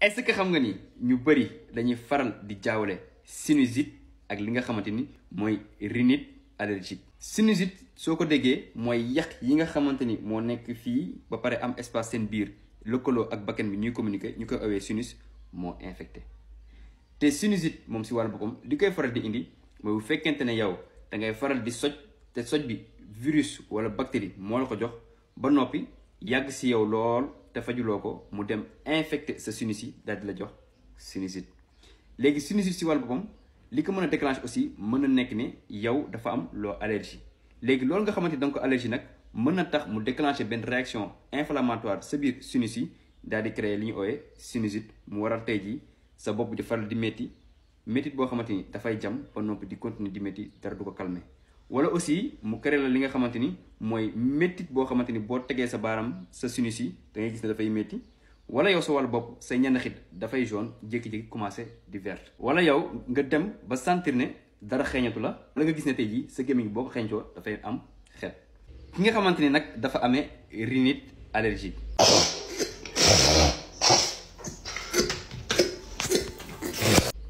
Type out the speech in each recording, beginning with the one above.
est-ce xam nga ni ñu bëri dañuy faral di jaawale sinusite ak li nga xamante ni mooy rhinite allergique sinusite soo ko déggee mooy yàq yi nga xamante ni moo nekk fii ba pare am espace seen biir lëkkaloo ak bakkan bi ñuy communiquer ñu koy awee sinus moo infecté te sinusite moom si wàllu boppam li koy faral di indi mooy bu fekkente ne yow da ngay faral di soj te soj bi virus wala bactérie moo la ko jox ba noppi yàgg si yow lool te fajuloo ko mu dem infecté sa sinusite dal di la jox sinusite léegi sinusite ci wal boppam li ko mën a déclenché aussi meuna nek nekk ne yow dafa am lo allergie léegi loolu nga xamanteni donc allergie nak meuna tax mu déclencher ben réaction inflammatoire sa bir sinusite dal di créer li ñu sinusite mu waral tay ji sa bop di faral di metti metti bo xamanteni da fay jam ba noppi di continuer di metti dara du ko calmer. wala aussi mu créer la li nga xamante ni mooy métit boo xamante ni boo tegee sa baaram sa sinus yi da ngay gis ne dafay métti wala yow sa wàll bopp sa ñenn xit dafay jaune jékki-jékki commencé di vert wala yow nga dem ba sentir ne dara xeeñatu la la nga gis ne tey jii sa gémmiñ boo ko xeeñcoo dafay am xeet ki nga xamante nak nag dafa amee rinite allergique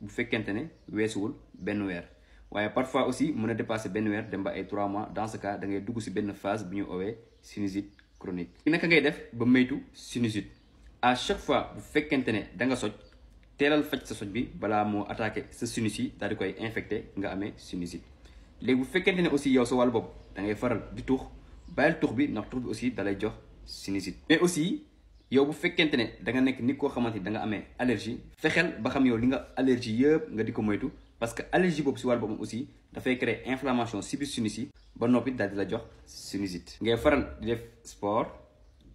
bu fekkente ne weesuwul benn weer waaye parfois aussi mën a dépasser benn weer dem ba ay 3 mois dans ce cas da ngay dugg si benn phase bu ñu owee sinusite chronique. naka ngay def ba maytu sinusite à chaque fois bu fekkente ne da nga soj teelal faj sa soj bi balaa moo attaqué sa sinus yi daal di koy infecté nga amee sinusite léegi bu fekkente ne aussi yow sa wàllu bopp da ngay faral di tuux bàyyil tuux bi ndax tuux bi aussi dalay jox sinusite mais aussi. yow bu fekkente ne da nga nekk nit koo xamante ni da nga amee allergie fexeel ba xam yow li nga allergie yëpp nga di ko moytu parce que allergie boobu si wàll boobu aussi dafay créer inflammation sinus sinusite ba noppi daal di la jox sinusite. ngay faral di def sport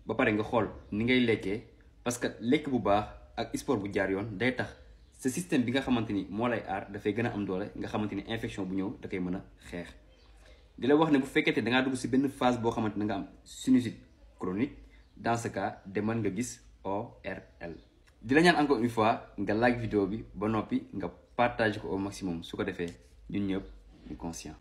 ba pare nga xool ni ngay lekkee parce que lekk bu baax ak sport bu jaar yoon day tax sa système bi nga xamante ni moo lay aar dafay gën a am doole nga xamante ni infection bu ñëw da koy mën a xeex. di la wax ne bu fekkente da ngaa si benn phase boo xamante da nga am sinusite chronique. dans ce demal nga gis ORL di la ñaan encore une fois nga laaj vidéo bi ba noppi nga partage ko au maximum su ko defee ñun ñëpp ñu conscient